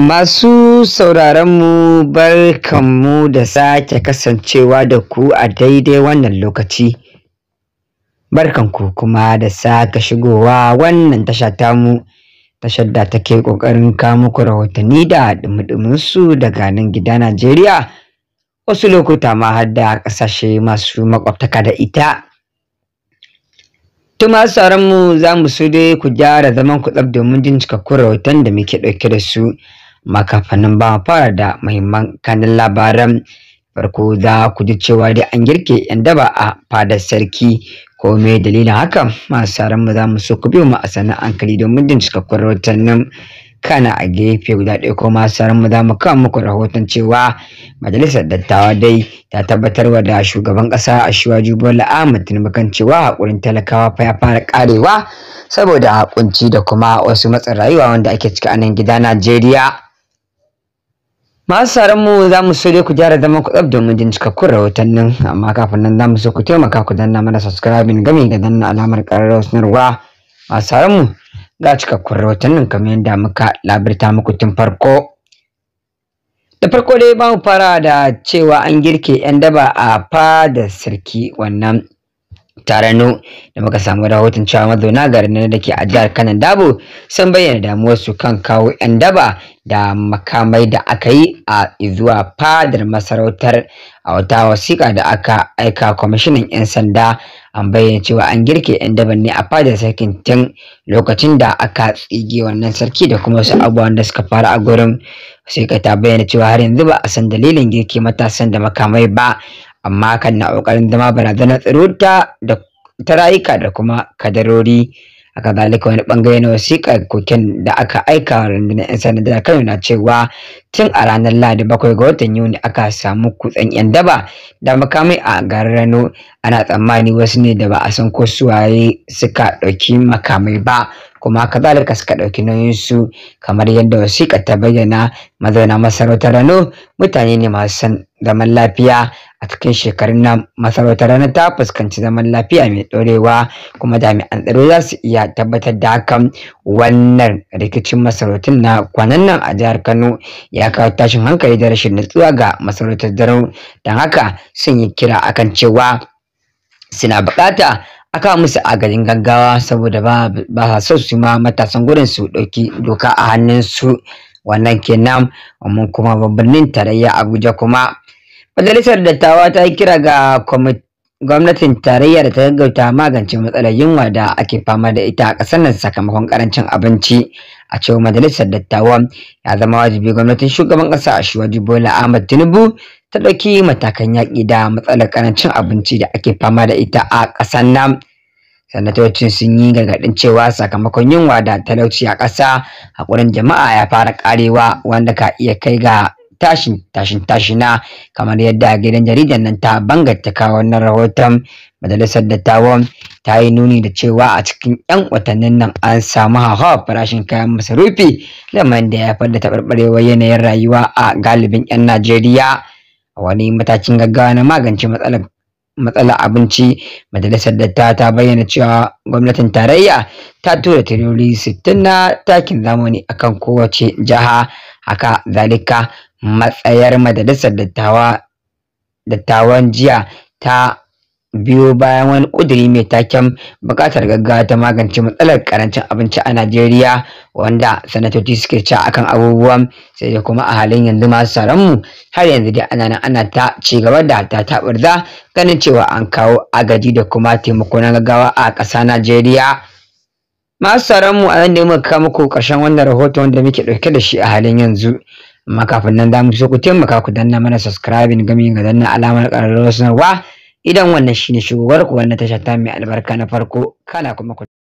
Masu sauraronmu barkanmu da sake kasancewa da ku a daidai wannan lokaci. Barkanku kuma da sake shigowa wannan tasha tamu, tashar da take ƙoƙarin muku rahotanni da dumudumunsu daga nan gida Najeriya, wasu lokuta ma har da ƙasashe masu makwabtaka da ita. Tuma sauranmu za mu su dai ku gyara zaman ku tsaf domin jin cikakkun rahoton da muke ɗauke da su. makafanin ba fara da muhimman kanin labaran farko za ku ji cewa dai an girke yan daba a fadar sarki ko me dalilin haka masu ran mu za mu so ku biyo mu a hankali domin jin cikakkun rahotannin kana a gefe guda ɗaya ko masu mu za mu kawo muku rahoton cewa majalisar dattawa dai ta tabbatarwa da shugaban ƙasa a shiwaju bola Ahmad, tinubu kan cewa haƙurin talakawa fa ya fara ƙarewa saboda kunci da kuma wasu matsin rayuwa wanda ake ciki a nan gida najeriya masu sauran mu za mu so dai ku gyara zaman ku tsaf domin jin cikakkun rahotannin amma kafin nan za mu so ku taimaka ku danna mana subscribing game ga danna alamar ƙararrawar sanarwa masu sauran mu ga cikakkun rahotannin kamar yadda muka labirta muku tun farko da farko dai ba mu fara da cewa an girke 'yan daba a fa da sarki wannan tarano da muka samu rahoton cewa mazauna garin da ke a jihar kanan dabo sun bayyana damuwarsu kan kawo 'yan daba da makamai da aka yi a zuwa fadar masarautar a wata wasiƙa da aka aika kwamishinan 'yan sanda an bayyana cewa an girke 'yan daban ne a fadar sarkin tun lokacin da aka tsige wannan sarki da kuma wasu abubuwan da suka faru a gurin ka ta bayyana cewa har yanzu ba a san dalilin girke matasan da makamai ba amma kan na ƙoƙarin zama barazanar tsaro da ta rayuka da kuma kadarori a kazalika wani bangare na wasiƙar koken da aka aika wa rundunar 'yan sanda kano na cewa tun a ranar lahadi bakwai ga watan yuni aka samu kutsen 'yan daba da makamai a garin rano ana tsammani wasu ne da ba a san ko suwaye suka ɗauki makamai ba kuma kazalika suka ɗauki nauyinsu kamar yadda wasiƙa ta bayyana mazauna masarautar Rano mutane ne masu san zaman lafiya a cikin shekarun nan masarautar Rano ta fuskanci zaman lafiya mai ɗorewa kuma jami'an tsaro za su iya tabbatar da hakan wannan rikicin masarautun na kwanan nan a jihar Kano ya kawo tashin hankali da rashin nutsuwa ga masarautar Rano don haka sun yi kira akan cewa suna buƙata aka musu a garin gaggawa saboda ba ba so su ma matasan gurin su dauki doka a hannun su wannan kenan amma kuma babbanin tarayya Abuja kuma majalisar dattawa ta yi kira ga gwamnatin tarayya da ta gaggauta magance matsalar yunwa da ake fama da ita a ƙasar nan sakamakon ƙarancin abinci a cewa majalisar dattawan ya zama wajibi gwamnatin shugaban Kasa, a shiwaji bola ahmad tinubu ta ɗauki matakan yaƙi da matsalar ƙarancin abinci da ake fama da ita a ƙasar nan sanatocin sun yi gargaɗin cewa sakamakon yunwa da talauci a ƙasa haƙurin jama'a ya fara ƙarewa wanda ka iya kai ga tashin tashin tashina kamar yadda gidan jaridan nan ta banganta ka wannan rahoton majalisar dattawan ta yi nuni da cewa a cikin 'yan watannin nan an samu hawa farashin kayan masarufi lamarin da ya fadda taɓarɓarewar yanayin rayuwa a galibin 'yan najeriya a wani matakin gaggawa na magance matsalar matsalar abinci majalisar dattawa ta bayyana cewa gwamnatin tarayya ta tura tiroli sittin na takin zamani akan kowace jiha haka zalika matsayar majalisar dattawa dattawan jiya ta biyo bayan wani ƙuduri mai taken buƙatar gaggawa ta magance matsalar ƙarancin abinci a Najeriya wanda sanatoci suke ci akan abubuwan sai da kuma a halin yanzu masu mu har yanzu dai ana nan ana ta ci gaba da ta taɓarza ganin cewa an kawo agaji da kuma taimako na gaggawa a ƙasa Najeriya. Masu mu a nan muka kawo muku ƙarshen wannan rahoton da muke ɗauke da shi a halin yanzu. makafin nan damu so ku taimaka ku danna mana subscribing gami ga danna alamar ƙararrawar sanarwa idan wannan shine shugabar ku wannan tasha ta mai albarka na farko kana kuma ku